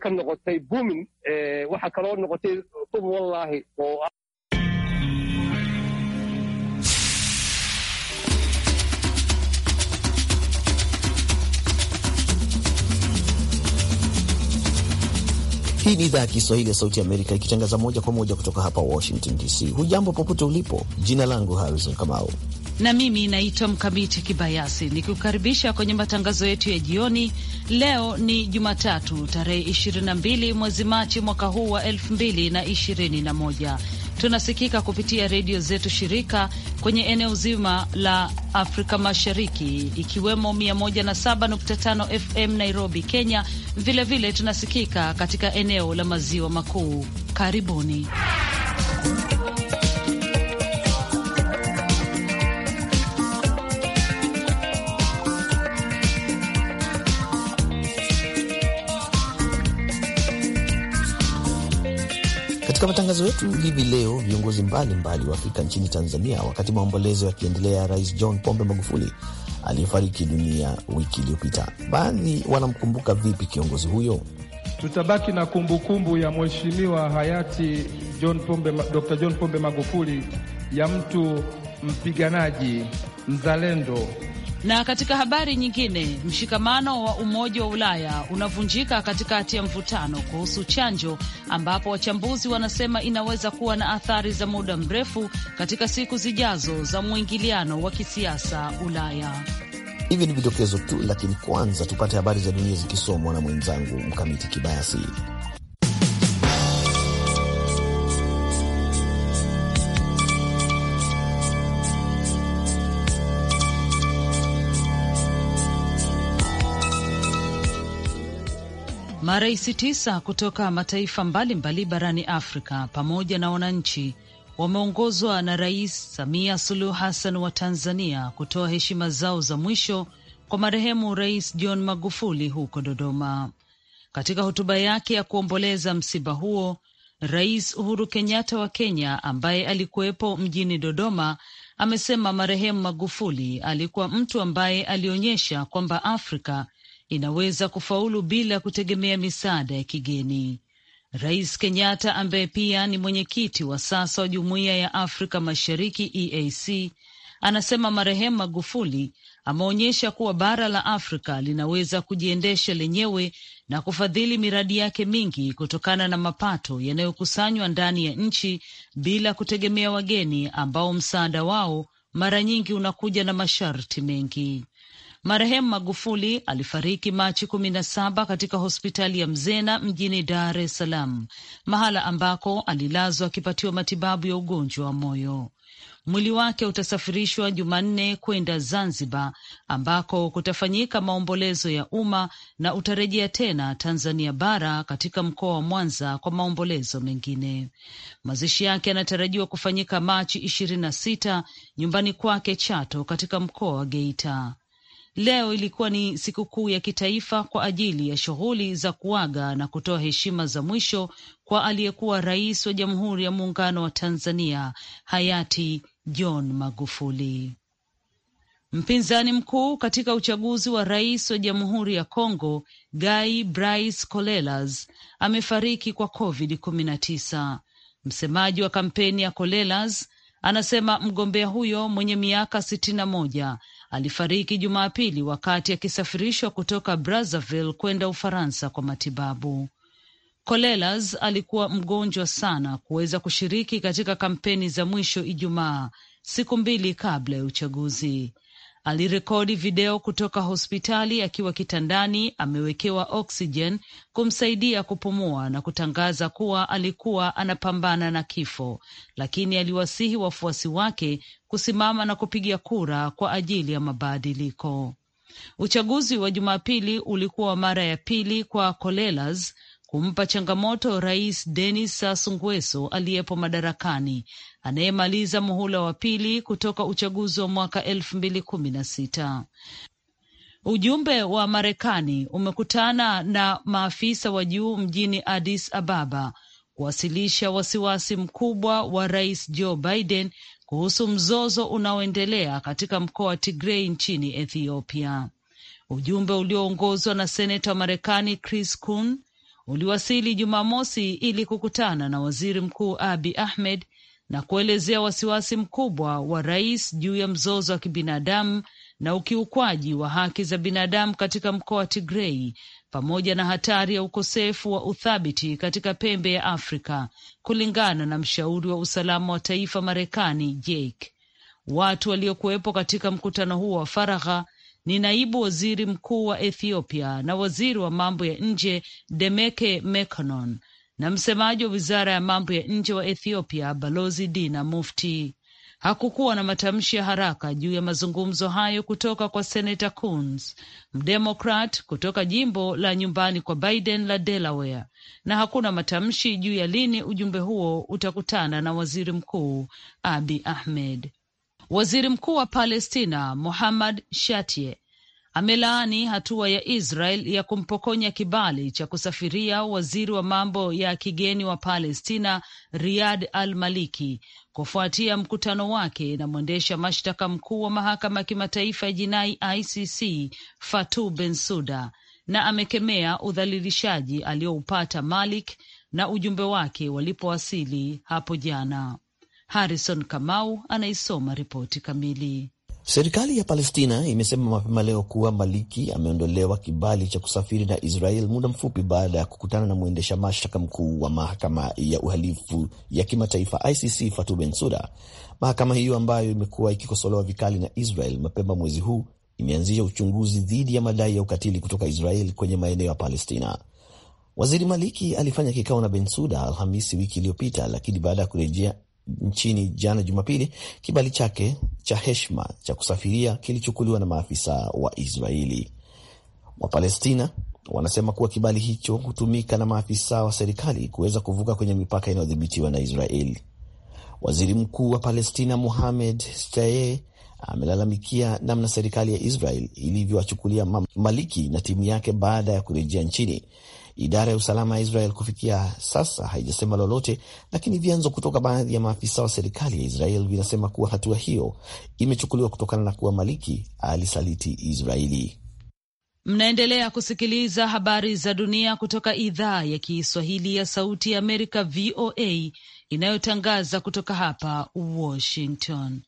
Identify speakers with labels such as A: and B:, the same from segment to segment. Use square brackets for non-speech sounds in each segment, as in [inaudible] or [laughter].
A: ka noqotay booming eh, waxaa kaloo noqotay qub wallahi oo ah-
B: Hii ni idhaa ya Kiswahili ya Sauti Amerika ikitangaza moja kwa moja kutoka hapa Washington DC. Hujambo popote ulipo, jina langu Harrison Kamau
C: na mimi naitwa Mkamiti Kibayasi nikikukaribisha kwenye matangazo yetu ya jioni. Leo ni Jumatatu tarehe 22 mwezi Machi mwaka huu wa 2021. Tunasikika kupitia redio zetu shirika kwenye eneo zima la Afrika Mashariki, ikiwemo 107.5 FM Nairobi, Kenya. Vilevile vile tunasikika katika eneo la maziwa makuu. Karibuni
B: Katika matangazo yetu hivi leo, viongozi mbalimbali wafika nchini Tanzania, wakati maombolezo yakiendelea, Rais John Pombe Magufuli aliyefariki dunia wiki iliyopita. Baadhi wanamkumbuka vipi kiongozi huyo?
D: Tutabaki na kumbukumbu -kumbu ya mheshimiwa hayati John Pombe, Dr. John Pombe Magufuli ya mtu mpiganaji mzalendo
C: na katika habari nyingine, mshikamano wa Umoja wa Ulaya unavunjika katikati ya mvutano kuhusu chanjo, ambapo wachambuzi wanasema inaweza kuwa na athari za muda mrefu katika siku zijazo za mwingiliano wa kisiasa Ulaya.
B: Hivi ni vidokezo tu, lakini kwanza tupate habari za dunia zikisomwa na mwenzangu Mkamiti Kibayasi.
C: Marais tisa kutoka mataifa mbalimbali barani Afrika pamoja na wananchi wameongozwa na Rais Samia Suluhu Hassan wa Tanzania kutoa heshima zao za mwisho kwa marehemu Rais John Magufuli huko Dodoma. Katika hotuba yake ya kuomboleza msiba huo, Rais Uhuru Kenyatta wa Kenya ambaye alikuwepo mjini Dodoma amesema marehemu Magufuli alikuwa mtu ambaye alionyesha kwamba Afrika inaweza kufaulu bila kutegemea misaada ya kigeni. Rais Kenyatta ambaye pia ni mwenyekiti wa sasa wa Jumuiya ya Afrika Mashariki EAC anasema marehemu Magufuli ameonyesha kuwa bara la Afrika linaweza kujiendesha lenyewe na kufadhili miradi yake mingi kutokana na mapato yanayokusanywa ndani ya nchi bila kutegemea wageni ambao msaada wao mara nyingi unakuja na masharti mengi. Marehemu Magufuli alifariki Machi kumi na saba katika hospitali ya Mzena mjini Dar es Salaam, mahala ambako alilazwa akipatiwa matibabu ya ugonjwa wa moyo. Mwili wake utasafirishwa Jumanne kwenda Zanzibar ambako kutafanyika maombolezo ya umma na utarejea tena Tanzania bara katika mkoa wa Mwanza kwa maombolezo mengine. Mazishi yake yanatarajiwa kufanyika Machi ishirini na sita nyumbani kwake Chato katika mkoa wa Geita. Leo ilikuwa ni sikukuu ya kitaifa kwa ajili ya shughuli za kuaga na kutoa heshima za mwisho kwa aliyekuwa rais wa Jamhuri ya Muungano wa Tanzania hayati John Magufuli. Mpinzani mkuu katika uchaguzi wa rais wa Jamhuri ya congo Guy Brice Colelas amefariki kwa COVID-19. Msemaji wa kampeni ya Colelas anasema mgombea huyo mwenye miaka sitini na moja alifariki Jumapili wakati akisafirishwa kutoka Brazzaville kwenda Ufaransa kwa matibabu. Kolelas alikuwa mgonjwa sana kuweza kushiriki katika kampeni za mwisho Ijumaa, siku mbili kabla ya uchaguzi alirekodi video kutoka hospitali akiwa kitandani amewekewa oksijen kumsaidia kupumua na kutangaza kuwa alikuwa anapambana na kifo, lakini aliwasihi wafuasi wake kusimama na kupiga kura kwa ajili ya mabadiliko. Uchaguzi wa Jumapili ulikuwa mara ya pili kwa Kolelas kumpa changamoto Rais Denis Sassou Nguesso aliyepo madarakani anayemaliza muhula wa pili kutoka uchaguzi wa mwaka elfu mbili kumi na sita. Ujumbe wa Marekani umekutana na maafisa wa juu mjini Addis Ababa kuwasilisha wasiwasi mkubwa wa Rais Joe Biden kuhusu mzozo unaoendelea katika mkoa wa Tigrei nchini Ethiopia. Ujumbe ulioongozwa na seneta wa Marekani Chris Coons uliwasili Jumamosi ili kukutana na waziri mkuu Abi Ahmed na kuelezea wasiwasi mkubwa wa rais juu ya mzozo wa kibinadamu na ukiukwaji wa haki za binadamu katika mkoa wa Tigrei pamoja na hatari ya ukosefu wa uthabiti katika pembe ya Afrika, kulingana na mshauri wa usalama wa taifa Marekani Jake. Watu waliokuwepo katika mkutano huo wa faragha ni naibu waziri mkuu wa Ethiopia na waziri wa mambo ya nje Demeke Mekonnen na msemaji wa wizara ya mambo ya nje wa Ethiopia Balozi Dina Mufti. Hakukuwa na matamshi ya haraka juu ya mazungumzo hayo kutoka kwa Senata Coons, mdemokrat kutoka jimbo la nyumbani kwa Biden la Delaware, na hakuna matamshi juu ya lini ujumbe huo utakutana na waziri mkuu Abi Ahmed. Waziri mkuu wa Palestina Muhammad Shatie amelaani hatua ya Israel ya kumpokonya kibali cha kusafiria waziri wa mambo ya kigeni wa Palestina Riyad Al Maliki kufuatia mkutano wake na mwendesha mashtaka mkuu wa mahakama ya kimataifa ya jinai ICC Fatu Bensuda, na amekemea udhalilishaji alioupata Malik na ujumbe wake walipowasili hapo jana. Harrison Kamau anaisoma ripoti kamili.
B: Serikali ya Palestina imesema mapema leo kuwa Maliki ameondolewa kibali cha kusafiri na Israel muda mfupi baada ya kukutana na mwendesha mashtaka mkuu wa mahakama ya uhalifu ya kimataifa ICC Fatu Bensuda. Mahakama hiyo ambayo imekuwa ikikosolewa vikali na Israel, mapema mwezi huu imeanzisha uchunguzi dhidi ya madai ya ukatili kutoka Israel kwenye maeneo ya Palestina. Waziri Maliki alifanya kikao na Bensuda Alhamisi wiki iliyopita, lakini baada ya kurejea nchini jana Jumapili, kibali chake cha heshima cha kusafiria kilichukuliwa na maafisa wa Israeli. Wapalestina wanasema kuwa kibali hicho hutumika na maafisa wa serikali kuweza kuvuka kwenye mipaka inayodhibitiwa na Israeli. Waziri Mkuu wa Palestina muhamed Shtayyeh amelalamikia namna serikali ya Israel ilivyowachukulia Maliki na timu yake baada ya kurejea nchini Idara ya usalama ya Israel kufikia sasa haijasema lolote, lakini vyanzo kutoka baadhi ya maafisa wa serikali ya Israel vinasema kuwa hatua hiyo imechukuliwa kutokana na kuwa Maliki alisaliti Israeli.
C: Mnaendelea kusikiliza habari za dunia kutoka idhaa ya Kiswahili ya Sauti ya Amerika, VOA, inayotangaza kutoka hapa Washington.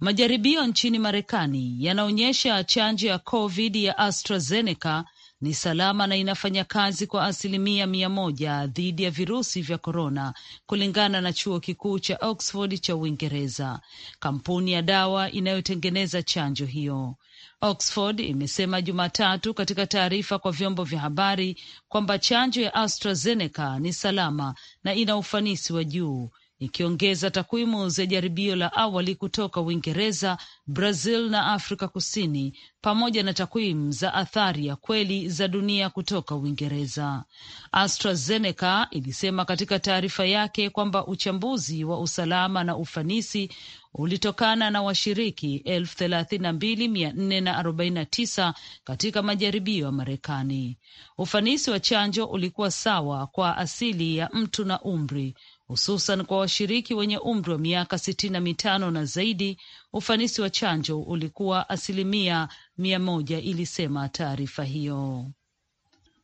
C: Majaribio nchini Marekani yanaonyesha chanjo ya COVID ya AstraZeneca ni salama na inafanya kazi kwa asilimia mia moja dhidi ya virusi vya korona, kulingana na chuo kikuu cha Oxford cha Uingereza, kampuni ya dawa inayotengeneza chanjo hiyo. Oxford imesema Jumatatu katika taarifa kwa vyombo vya habari kwamba chanjo ya AstraZeneca ni salama na ina ufanisi wa juu ikiongeza takwimu za jaribio la awali kutoka Uingereza, Brazil na Afrika Kusini, pamoja na takwimu za athari ya kweli za dunia kutoka Uingereza. AstraZeneca ilisema katika taarifa yake kwamba uchambuzi wa usalama na ufanisi ulitokana na washiriki 32449 katika majaribio ya Marekani. Ufanisi wa chanjo ulikuwa sawa kwa asili ya mtu na umri hususan kwa washiriki wenye umri wa miaka sitini na mitano na zaidi. Ufanisi wa chanjo ulikuwa asilimia mia moja, ilisema taarifa hiyo.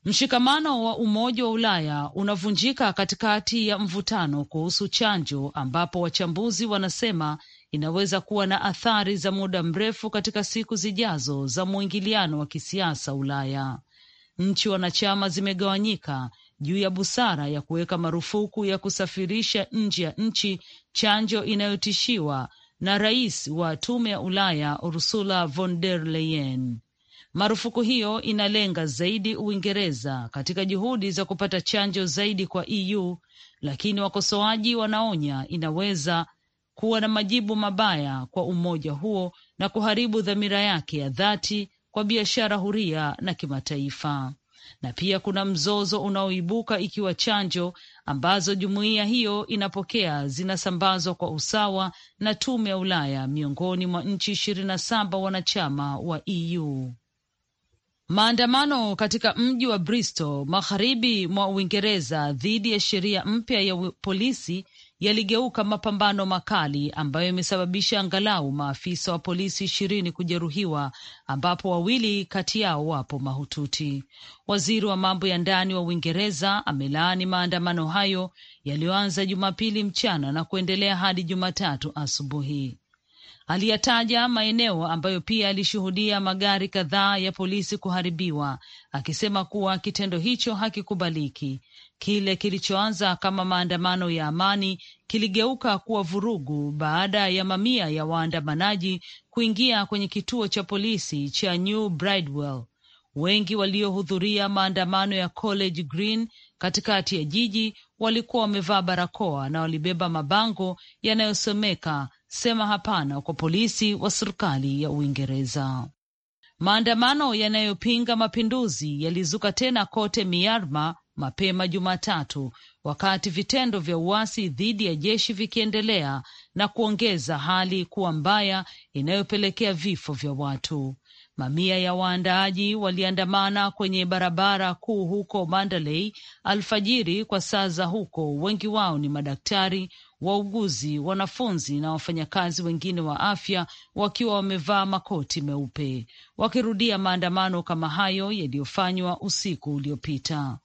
C: Mshikamano wa Umoja wa Ulaya unavunjika katikati ya mvutano kuhusu chanjo, ambapo wachambuzi wanasema inaweza kuwa na athari za muda mrefu katika siku zijazo za mwingiliano wa kisiasa Ulaya. Nchi wanachama zimegawanyika juu ya busara ya kuweka marufuku ya kusafirisha nje ya nchi chanjo inayotishiwa na rais wa tume ya Ulaya Ursula von der Leyen. Marufuku hiyo inalenga zaidi Uingereza katika juhudi za kupata chanjo zaidi kwa EU, lakini wakosoaji wanaonya inaweza kuwa na majibu mabaya kwa umoja huo na kuharibu dhamira yake ya dhati kwa biashara huria na kimataifa na pia kuna mzozo unaoibuka ikiwa chanjo ambazo jumuiya hiyo inapokea zinasambazwa kwa usawa na tume ya Ulaya miongoni mwa nchi ishirini na saba wanachama wa EU. Maandamano katika mji wa Bristol magharibi mwa Uingereza dhidi ya sheria mpya ya polisi yaligeuka mapambano makali ambayo imesababisha angalau maafisa wa polisi ishirini kujeruhiwa ambapo wawili kati yao wapo mahututi. Waziri wa mambo ya ndani wa Uingereza amelaani maandamano hayo yaliyoanza Jumapili mchana na kuendelea hadi Jumatatu asubuhi. Aliyataja maeneo ambayo pia yalishuhudia magari kadhaa ya polisi kuharibiwa, akisema kuwa kitendo hicho hakikubaliki Kile kilichoanza kama maandamano ya amani kiligeuka kuwa vurugu baada ya mamia ya waandamanaji kuingia kwenye kituo cha polisi cha New Bridewell. Wengi waliohudhuria maandamano ya College Green katikati ya jiji walikuwa wamevaa barakoa na walibeba mabango yanayosomeka sema hapana kwa polisi wa serikali ya Uingereza. Maandamano yanayopinga mapinduzi yalizuka tena kote Myanmar mapema Jumatatu wakati vitendo vya uasi dhidi ya jeshi vikiendelea na kuongeza hali kuwa mbaya inayopelekea vifo vya watu. Mamia ya waandaaji waliandamana kwenye barabara kuu huko Mandalay alfajiri kwa saa za huko. Wengi wao ni madaktari, wauguzi, wanafunzi na wafanyakazi wengine wa afya, wakiwa wamevaa makoti meupe, wakirudia maandamano kama hayo yaliyofanywa usiku uliopita.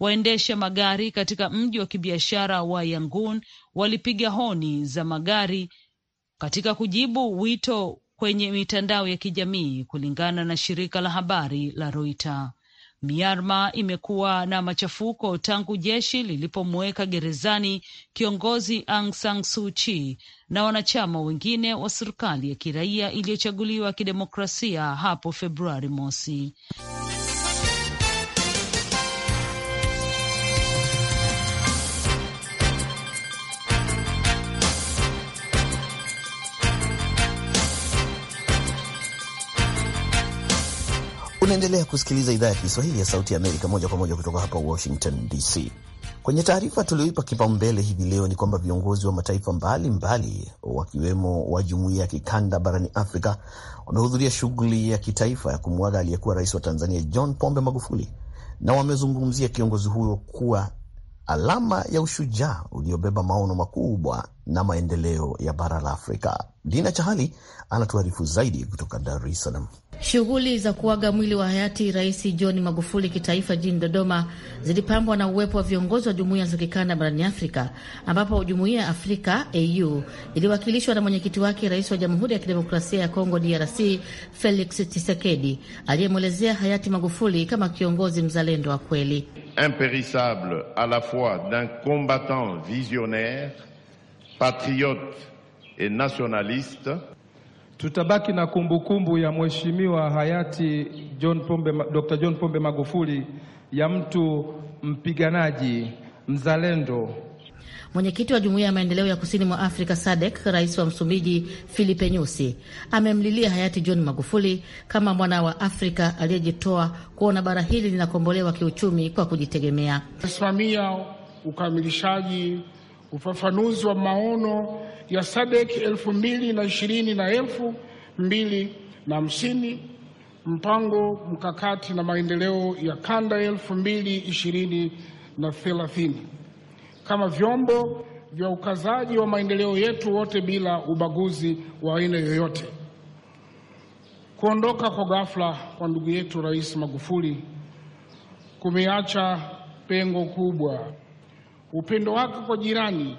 C: Waendesha magari katika mji wa kibiashara wa Yangon walipiga honi za magari katika kujibu wito kwenye mitandao ya kijamii, kulingana na shirika la habari la Reuters. Myanmar imekuwa na machafuko tangu jeshi lilipomuweka gerezani kiongozi Aung San Suu Kyi na wanachama wengine wa serikali ya kiraia iliyochaguliwa kidemokrasia hapo Februari mosi.
B: Unaendelea kusikiliza idhaa ya Kiswahili ya Sauti ya Amerika moja kwa moja kutoka hapa Washington DC. Kwenye taarifa tulioipa kipaumbele hivi leo ni kwamba viongozi wa mataifa mbalimbali mbali, wakiwemo wa jumuiya ya kikanda barani Afrika wamehudhuria shughuli ya kitaifa ya kumwaga aliyekuwa rais wa Tanzania John Pombe Magufuli, na wamezungumzia kiongozi huyo kuwa alama ya ushujaa uliobeba maono makubwa na maendeleo ya bara la Afrika. Dina Chahali anatuarifu zaidi kutoka Dar es Salaam.
E: Shughuli za kuaga mwili wa hayati Rais John Magufuli kitaifa jijini Dodoma zilipambwa na uwepo wa viongozi wa jumuiya za kikanda barani Afrika, ambapo jumuiya ya Afrika AU iliwakilishwa na mwenyekiti wake Rais wa Jamhuri ya Kidemokrasia ya Kongo DRC Felix Tshisekedi, aliyemwelezea hayati Magufuli kama kiongozi mzalendo wa kweli,
F: imperisable a la fois d'un combattant visionnaire patriote et nationaliste
D: Tutabaki na kumbukumbu -kumbu ya Mheshimiwa hayati John Pombe, Dr. John Pombe Magufuli ya mtu mpiganaji
F: mzalendo.
E: Mwenyekiti wa Jumuiya ya Maendeleo ya Kusini mwa Afrika SADC, Rais wa Msumbiji Filipe Nyusi amemlilia hayati John Magufuli kama mwana wa Afrika aliyejitoa kuona bara hili linakombolewa kiuchumi kwa kujitegemea.
F: Kusimamia ukamilishaji, ufafanuzi wa maono ya SADC elfu mbili na ishirini na elfu mbili na hamsini, mpango mkakati na maendeleo ya kanda elfu mbili ishirini na thelathini kama vyombo vya ukazaji wa maendeleo yetu wote bila ubaguzi wa aina yoyote. Kuondoka kwa ghafla kwa ndugu yetu Rais Magufuli kumeacha pengo kubwa. Upendo wake kwa jirani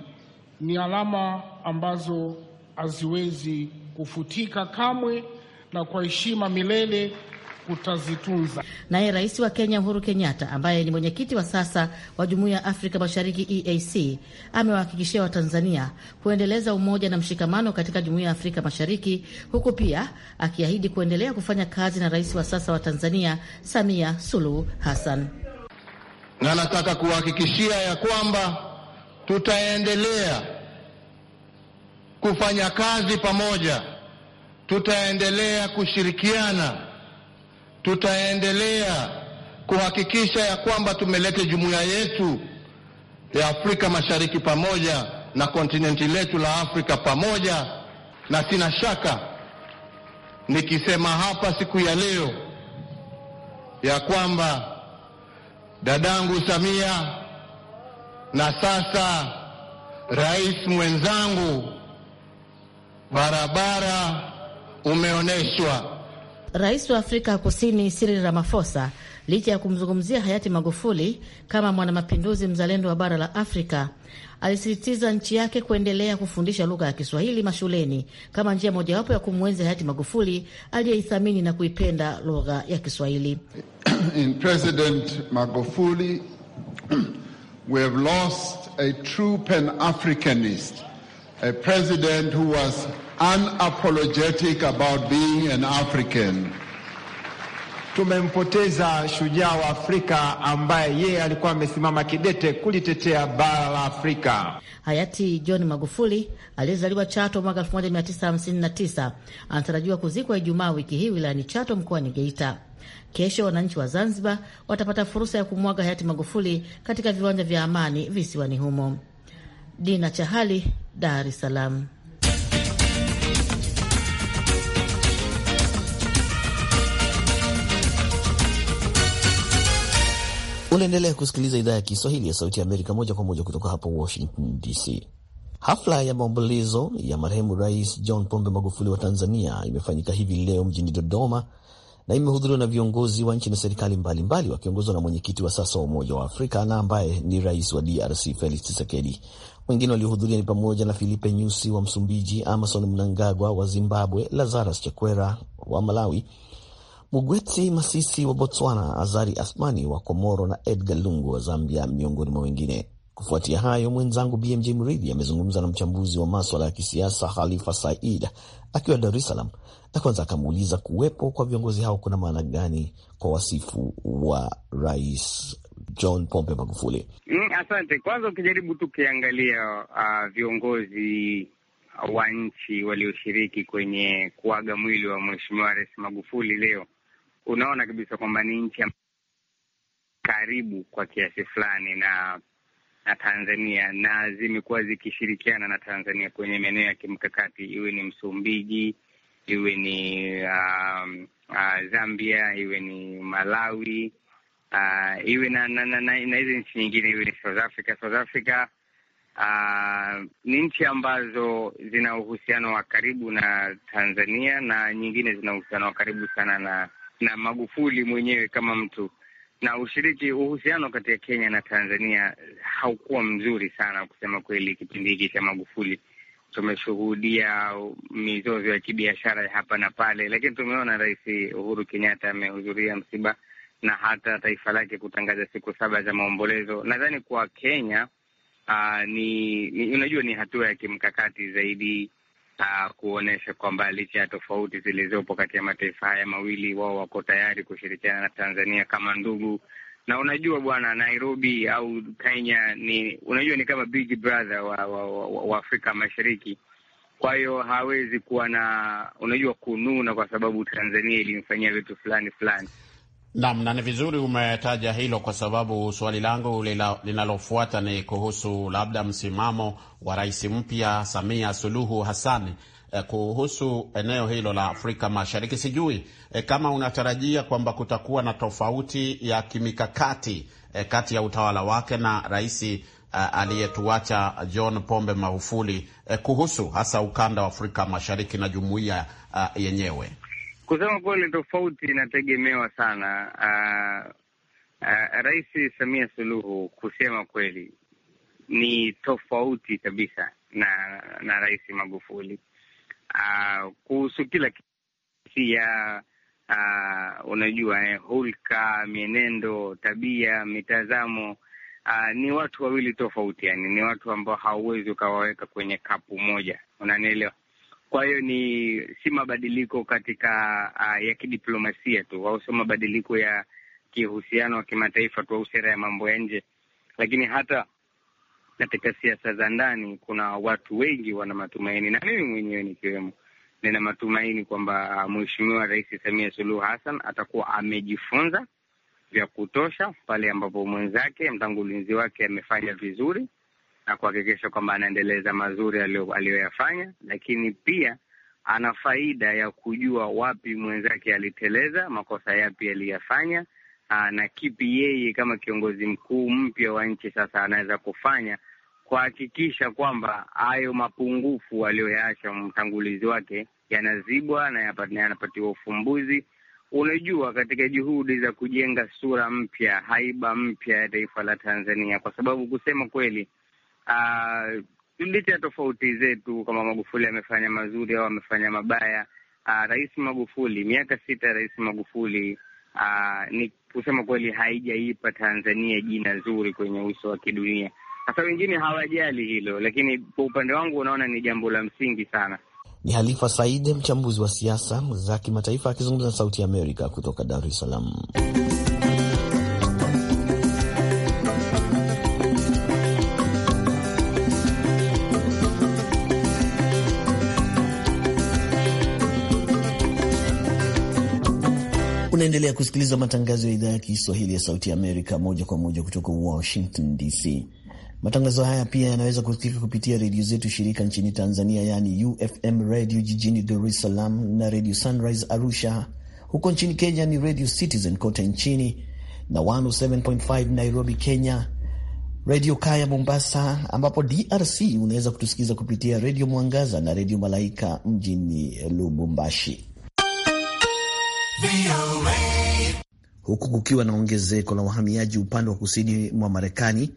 F: ni alama ambazo haziwezi kufutika kamwe na kwa heshima milele kutazitunza.
E: Naye Rais wa Kenya Uhuru Kenyatta, ambaye ni mwenyekiti wa sasa wa Jumuiya ya Afrika Mashariki EAC, amewahakikishia Watanzania kuendeleza umoja na mshikamano katika Jumuiya ya Afrika Mashariki, huku pia akiahidi kuendelea kufanya kazi na rais wa sasa wa Tanzania Samia Suluhu Hassan.
D: Na nataka kuhakikishia ya kwamba tutaendelea kufanya kazi pamoja, tutaendelea kushirikiana, tutaendelea kuhakikisha ya kwamba tumeleta jumuiya yetu ya Afrika Mashariki pamoja na kontinenti letu la Afrika pamoja, na sina shaka nikisema hapa siku ya leo ya kwamba dadangu Samia na sasa rais mwenzangu barabara umeonyeshwa.
E: Rais wa Afrika Kusini Cyril Ramaphosa, licha ya kumzungumzia hayati Magufuli kama mwanamapinduzi mzalendo wa bara la Afrika, alisisitiza nchi yake kuendelea kufundisha lugha ya Kiswahili mashuleni kama njia mojawapo ya kumwenzi hayati Magufuli aliyeithamini na kuipenda lugha
F: ya Kiswahili. [clears throat] In President Magufuli [clears throat] we have lost a true pan-Africanist a president who was unapologetic about being an African. Tumempoteza shujaa wa Afrika ambaye yeye alikuwa amesimama kidete kulitetea bara la Afrika.
E: Hayati John Magufuli aliyezaliwa Chato mwaka 1959 anatarajiwa kuzikwa Ijumaa wiki hii wilayani Chato mkoani Geita. Kesho wananchi wa Zanzibar watapata fursa ya kumwaga hayati Magufuli katika viwanja vya Amani visiwani humo. Dina Chahali, Dar es Salaam.
B: Unaendelea kusikiliza idhaa ya Kiswahili ya Sauti ya Amerika moja kwa moja kutoka hapa Washington DC. Hafla ya maombolezo ya marehemu Rais John Pombe Magufuli wa Tanzania imefanyika hivi leo mjini Dodoma na imehudhuriwa na viongozi wa nchi na serikali mbalimbali wakiongozwa na mwenyekiti wa sasa wa Umoja wa Afrika na ambaye ni rais wa DRC Felix Tshisekedi. Wengine waliohudhuria ni pamoja na Filipe Nyusi wa Msumbiji, Amason Mnangagwa wa Zimbabwe, Lazarus Chakwera wa Malawi, Mugweti Masisi wa Botswana, Azari Asmani wa Komoro na Edgar Lungu wa Zambia, miongoni mwa wengine. Kufuatia hayo, mwenzangu BMJ Mridhi amezungumza na mchambuzi wa maswala ya kisiasa Khalifa Said akiwa Dar es Salaam, na kwanza akamuuliza kuwepo kwa viongozi hao kuna maana gani kwa wasifu wa rais John Pombe Magufuli?
A: Mm, asante. Kwanza ukijaribu tu ukiangalia uh, viongozi wa nchi walioshiriki kwenye kuaga mwili wa Mheshimiwa Rais Magufuli leo, unaona kabisa kwamba ni nchi karibu kwa kiasi fulani na na Tanzania na zimekuwa zikishirikiana na Tanzania kwenye maeneo ya kimkakati, iwe ni Msumbiji, iwe ni um, uh, Zambia, iwe ni Malawi uh, iwe na na, na, na, na hizi nchi nyingine iwe ni South Africa. South Africa uh, ni nchi ambazo zina uhusiano wa karibu na Tanzania na nyingine zina uhusiano wa karibu sana na na Magufuli mwenyewe kama mtu na ushiriki uhusiano kati ya Kenya na Tanzania haukuwa mzuri sana kusema kweli. Kipindi hiki cha Magufuli tumeshuhudia mizozo ya kibiashara hapa na pale, lakini tumeona Rais Uhuru Kenyatta amehudhuria msiba na hata taifa lake kutangaza siku saba za maombolezo. Nadhani kwa Kenya uh, ni, ni unajua ni hatua ya kimkakati zaidi uh, ah, kuonyesha kwamba licha ya tofauti zilizopo kati ya mataifa haya mawili, wao wako tayari kushirikiana na Tanzania kama ndugu. Na unajua bwana, Nairobi au Kenya ni unajua ni kama big brother wa, wa, wa, wa Afrika Mashariki kwa hiyo hawezi kuwa na unajua kununa kwa sababu Tanzania ilimfanyia vitu fulani fulani.
F: Naam, na ni vizuri umetaja hilo kwa sababu swali langu linalofuata ni kuhusu labda msimamo wa rais mpya Samia Suluhu Hassan eh, kuhusu eneo hilo la Afrika Mashariki. Sijui eh, kama unatarajia kwamba kutakuwa na tofauti ya kimikakati eh, kati ya utawala wake na rais eh, aliyetuacha John Pombe Magufuli eh, kuhusu hasa ukanda wa Afrika Mashariki na jumuiya eh, yenyewe.
A: Kusema kweli, tofauti inategemewa sana. Uh, uh, Rais Samia Suluhu kusema kweli ni tofauti kabisa na na Rais Magufuli uh, kuhusu kila kisia uh, unajua eh, hulka, mienendo, tabia, mitazamo Uh, ni watu wawili tofauti, yani ni watu ambao hauwezi ukawaweka kwenye kapu moja, unanielewa? Kwa hiyo ni si mabadiliko katika uh, ya kidiplomasia tu au sio mabadiliko ya kihusiano wa kimataifa tu au sera ya mambo ya nje, lakini hata katika siasa za ndani kuna watu wengi wana matumaini, na mimi mwenyewe nikiwemo, nina matumaini kwamba uh, Mheshimiwa Rais Samia Suluhu Hassan atakuwa amejifunza vya kutosha pale ambapo mwenzake mtangulizi wake amefanya vizuri na kuhakikisha kwamba anaendeleza mazuri aliyoyafanya, lakini pia ana faida ya kujua wapi mwenzake aliteleza, makosa yapi aliyafanya, ah, na kipi yeye kama kiongozi mkuu mpya wa nchi sasa anaweza kufanya kuhakikisha kwamba hayo mapungufu aliyoyaacha mtangulizi wake yanazibwa na yanapatiwa ufumbuzi. Unajua, katika juhudi za kujenga sura mpya, haiba mpya ya taifa la Tanzania, kwa sababu kusema kweli uh, licha ya tofauti zetu kama Magufuli amefanya mazuri au amefanya mabaya, uh, Rais Magufuli miaka sita ya Rais Magufuli uh, ni kusema kweli haijaipa Tanzania jina zuri kwenye uso wa kidunia. Sasa wengine hawajali hilo, lakini kwa upande wangu unaona ni jambo la msingi sana.
B: Ni Halifa Saide, mchambuzi wa siasa za kimataifa akizungumza na Sauti ya Amerika kutoka Dar es Salaam. Unaendelea kusikiliza matangazo ya idhaa ya Kiswahili ya Sauti ya Amerika moja kwa moja kutoka Washington DC. Matangazo haya pia yanaweza kusikika kupitia redio zetu shirika nchini Tanzania, yaani UFM Radio jijini Dar es Salaam na redio Sunrise Arusha. Huko nchini Kenya ni redio Citizen kote nchini na 107.5 Nairobi, Kenya, redio Kaya Mombasa, ambapo DRC unaweza kutusikiza kupitia redio Mwangaza na redio Malaika mjini Lubumbashi huku kukiwa na ongezeko la wahamiaji upande wa kusini mwa Marekani.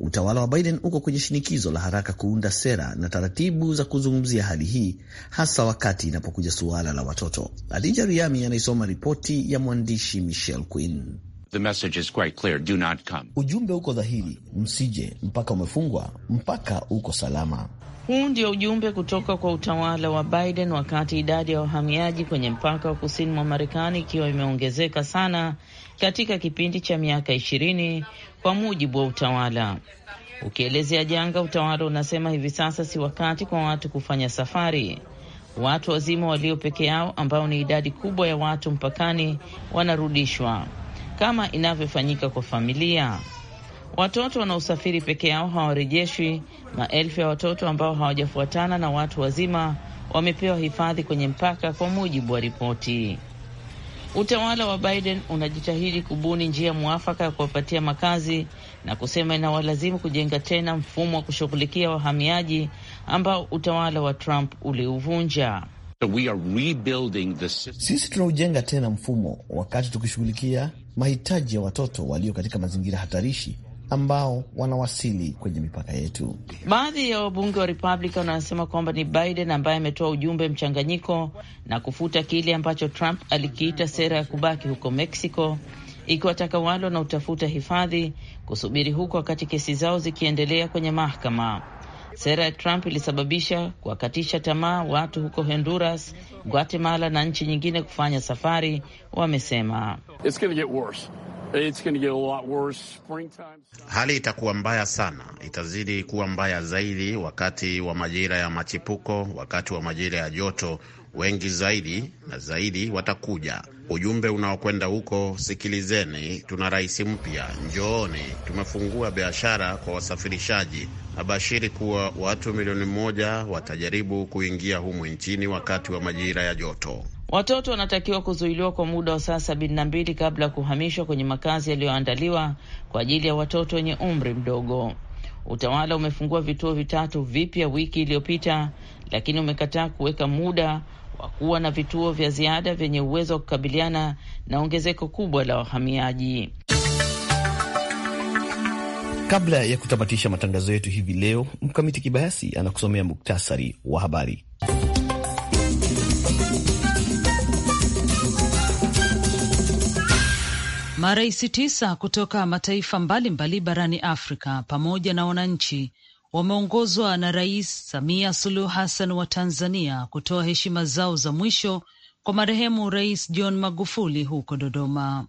B: Utawala wa Biden uko kwenye shinikizo la haraka kuunda sera na taratibu za kuzungumzia hali hii, hasa wakati inapokuja suala la watoto. Adija Riami anaisoma ripoti ya mwandishi Michelle Quinn.
F: The message is quite clear. Do not come.
B: Ujumbe uko dhahiri, msije, mpaka umefungwa, mpaka uko salama.
G: Huu ndio ujumbe kutoka kwa utawala wa Biden, wakati idadi ya wahamiaji kwenye mpaka wa kusini mwa Marekani ikiwa imeongezeka sana katika kipindi cha miaka ishirini kwa mujibu wa utawala. Ukielezea janga, utawala unasema hivi sasa si wakati kwa watu kufanya safari. Watu wazima walio peke yao, ambao ni idadi kubwa ya watu mpakani, wanarudishwa kama inavyofanyika kwa familia. Watoto wanaosafiri peke yao hawarejeshwi. Maelfu ya watoto ambao hawajafuatana na watu wazima wamepewa hifadhi kwenye mpaka, kwa mujibu wa ripoti. Utawala wa Biden unajitahidi kubuni njia mwafaka ya kuwapatia makazi na kusema inawalazimu kujenga tena mfumo wa kushughulikia wahamiaji ambao utawala wa Trump uliuvunja.
B: Sisi tunaujenga tena mfumo wakati tukishughulikia mahitaji ya watoto walio katika mazingira hatarishi ambao wanawasili kwenye mipaka yetu.
G: Baadhi ya wabunge wa Republican wanasema kwamba ni Biden ambaye ametoa ujumbe mchanganyiko na kufuta kile ambacho Trump alikiita sera ya kubaki huko Mexico, ikiwataka wale wanaotafuta hifadhi kusubiri huko wakati kesi zao zikiendelea kwenye mahakama. Sera ya Trump ilisababisha kuwakatisha tamaa watu huko Honduras, Guatemala na nchi nyingine kufanya safari, wamesema. Hali itakuwa mbaya
F: sana, itazidi kuwa mbaya zaidi wakati wa majira ya machipuko, wakati wa majira ya joto, wengi zaidi na zaidi watakuja. Ujumbe unaokwenda huko, sikilizeni, tuna rais mpya, njooni, tumefungua biashara kwa wasafirishaji. Nabashiri kuwa watu milioni moja watajaribu kuingia humu nchini wakati wa majira ya joto.
G: Watoto wanatakiwa kuzuiliwa kwa muda wa saa sabini na mbili kabla ya kuhamishwa kwenye makazi yaliyoandaliwa kwa ajili ya watoto wenye umri mdogo. Utawala umefungua vituo vitatu vipya wiki iliyopita, lakini umekataa kuweka muda wa kuwa na vituo vya ziada vyenye uwezo wa kukabiliana na ongezeko kubwa la wahamiaji.
B: Kabla ya kutamatisha matangazo yetu hivi leo, Mkamiti Kibayasi anakusomea muktasari wa habari.
C: Marais tisa kutoka mataifa mbalimbali barani Afrika pamoja na wananchi wameongozwa na Rais Samia Suluhu Hassan wa Tanzania kutoa heshima zao za mwisho kwa marehemu Rais John Magufuli huko Dodoma.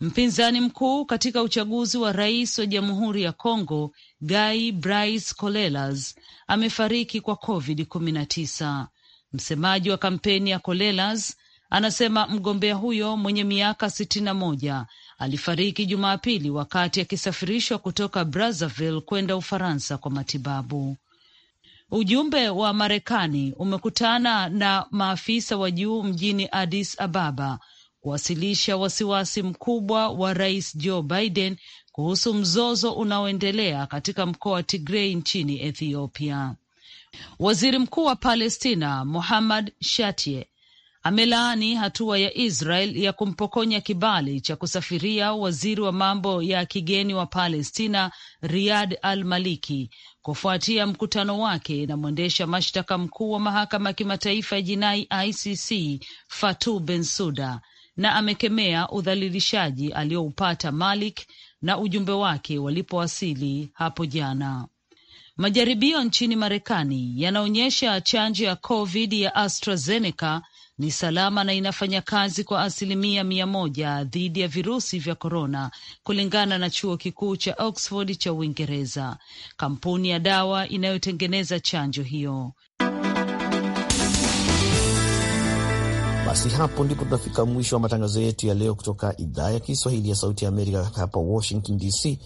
C: Mpinzani mkuu katika uchaguzi wa rais wa Jamhuri ya Kongo Guy Brice Colelas amefariki kwa COVID-19. Msemaji wa kampeni ya Colelas Anasema mgombea huyo mwenye miaka sitini na moja alifariki Jumapili wakati akisafirishwa kutoka Brazzaville kwenda Ufaransa kwa matibabu. Ujumbe wa Marekani umekutana na maafisa wa juu mjini Addis Ababa kuwasilisha wasiwasi mkubwa wa Rais Joe Biden kuhusu mzozo unaoendelea katika mkoa wa Tigrei nchini Ethiopia. Waziri Mkuu wa Palestina Muhammad Shatie amelaani hatua ya Israel ya kumpokonya kibali cha kusafiria waziri wa mambo ya kigeni wa Palestina Riyad Al Maliki kufuatia mkutano wake na mwendesha mashtaka mkuu wa mahakama ya kimataifa ya jinai ICC Fatu Bensuda na amekemea udhalilishaji alioupata Malik na ujumbe wake walipowasili hapo jana. Majaribio nchini Marekani yanaonyesha chanjo ya COVID ya AstraZeneca ni salama na inafanya kazi kwa asilimia mia moja dhidi ya virusi vya korona, kulingana na chuo kikuu cha Oxford cha Uingereza, kampuni ya dawa inayotengeneza chanjo hiyo.
B: Basi hapo ndipo tunafika mwisho wa matangazo yetu ya leo kutoka idhaa ya Kiswahili ya Sauti ya Amerika hapa Washington DC.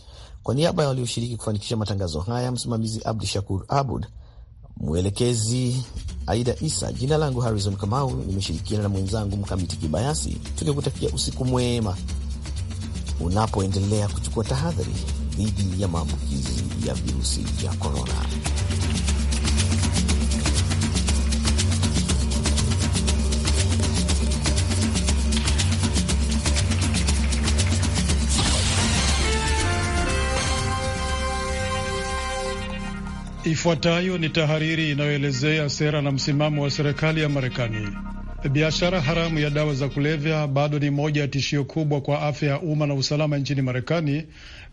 B: Kwa niaba ya walioshiriki kufanikisha matangazo haya, msimamizi Abdu Shakur Abud, mwelekezi Aida Isa. Jina langu Harrison Kamau, nimeshirikiana na mwenzangu Mkamiti Kibayasi, tukikutakia usiku mwema unapoendelea kuchukua tahadhari dhidi ya maambukizi ya virusi vya korona.
D: Ifuatayo ni tahariri inayoelezea sera na msimamo wa serikali ya Marekani. Biashara haramu ya dawa za kulevya bado ni moja ya tishio kubwa kwa afya ya umma na usalama nchini Marekani,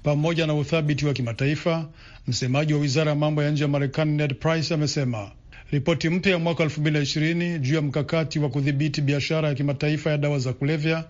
D: pamoja na uthabiti wa kimataifa. Msemaji wa wizara ya mambo ya nje ya Marekani Ned Price amesema ripoti mpya ya mwaka 2020 juu ya mkakati wa kudhibiti biashara ya kimataifa ya dawa za kulevya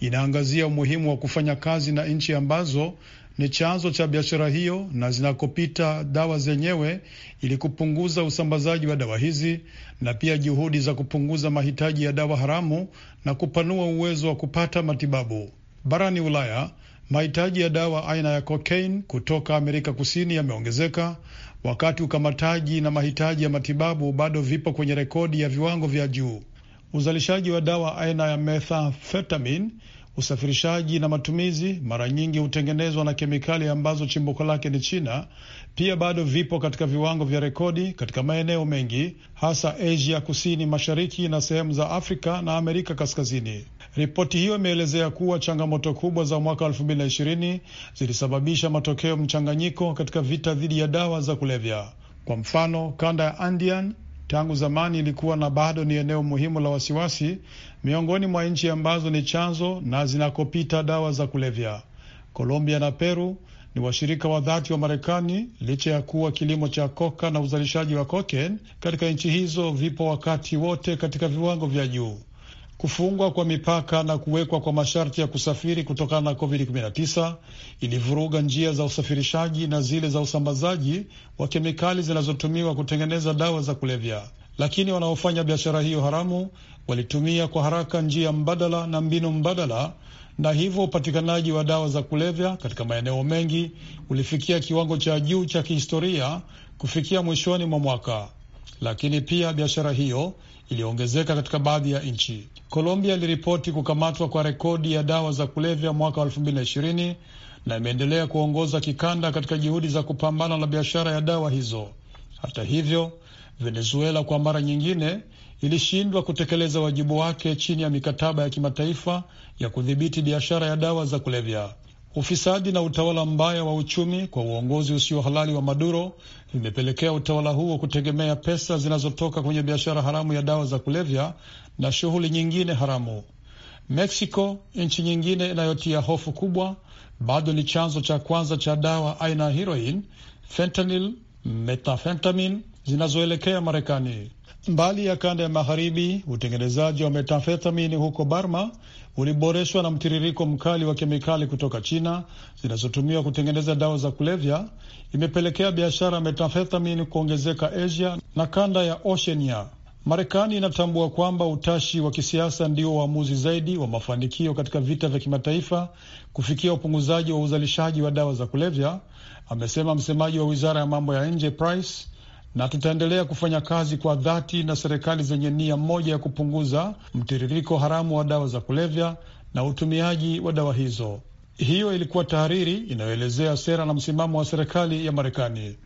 D: inaangazia umuhimu wa kufanya kazi na nchi ambazo ni chanzo cha biashara hiyo na zinakopita dawa zenyewe, ili kupunguza usambazaji wa dawa hizi na pia juhudi za kupunguza mahitaji ya dawa haramu na kupanua uwezo wa kupata matibabu. Barani Ulaya, mahitaji ya dawa aina ya kokaini kutoka Amerika Kusini yameongezeka, wakati ukamataji na mahitaji ya matibabu bado vipo kwenye rekodi ya viwango vya juu. Uzalishaji wa dawa aina ya methamphetamine usafirishaji na matumizi, mara nyingi hutengenezwa na kemikali ambazo chimbuko lake ni China. Pia bado vipo katika viwango vya rekodi katika maeneo mengi, hasa Asia kusini mashariki na sehemu za Afrika na Amerika kaskazini. Ripoti hiyo imeelezea kuwa changamoto kubwa za mwaka 2020 zilisababisha matokeo mchanganyiko katika vita dhidi ya dawa za kulevya. Kwa mfano, kanda ya Andean tangu zamani ilikuwa na bado ni eneo muhimu la wasiwasi miongoni mwa nchi ambazo ni chanzo na zinakopita dawa za kulevya. Colombia na Peru ni washirika wa dhati wa Marekani licha ya kuwa kilimo cha koka na uzalishaji wa koken katika nchi hizo vipo wakati wote katika viwango vya juu. Kufungwa kwa mipaka na kuwekwa kwa masharti ya kusafiri kutokana na COVID-19 ilivuruga njia za usafirishaji na zile za usambazaji wa kemikali zinazotumiwa kutengeneza dawa za kulevya, lakini wanaofanya biashara hiyo haramu walitumia kwa haraka njia mbadala na mbinu mbadala, na hivyo upatikanaji wa dawa za kulevya katika maeneo mengi ulifikia kiwango cha juu cha kihistoria kufikia mwishoni mwa mwaka lakini pia biashara hiyo iliongezeka katika baadhi ya nchi. Colombia iliripoti kukamatwa kwa rekodi ya dawa za kulevya mwaka 2020 na imeendelea kuongoza kikanda katika juhudi za kupambana na biashara ya dawa hizo. Hata hivyo, Venezuela kwa mara nyingine ilishindwa kutekeleza wajibu wake chini ya mikataba ya kimataifa ya kudhibiti biashara ya dawa za kulevya. Ufisadi na utawala mbaya wa uchumi kwa uongozi usio halali wa Maduro vimepelekea utawala huo kutegemea pesa zinazotoka kwenye biashara haramu ya dawa za kulevya na shughuli nyingine haramu. Meksiko, nchi nyingine inayotia hofu kubwa, bado ni chanzo cha kwanza cha dawa aina ya heroin, fentanil, metafentamin zinazoelekea Marekani. Mbali ya kanda ya magharibi, utengenezaji wa metamfetamini huko barma uliboreshwa na mtiririko mkali wa kemikali kutoka China zinazotumiwa kutengeneza dawa za kulevya, imepelekea biashara ya metamfetamini kuongezeka Asia na kanda ya Oceania. Marekani inatambua kwamba utashi wa kisiasa ndio uamuzi zaidi wa mafanikio katika vita vya kimataifa kufikia upunguzaji wa uzalishaji wa dawa za kulevya, amesema msemaji wa wizara ya mambo ya nje Price na tutaendelea kufanya kazi kwa dhati na serikali zenye nia moja ya kupunguza mtiririko haramu wa dawa za kulevya na utumiaji wa dawa hizo. Hiyo ilikuwa tahariri inayoelezea sera na msimamo wa serikali ya Marekani.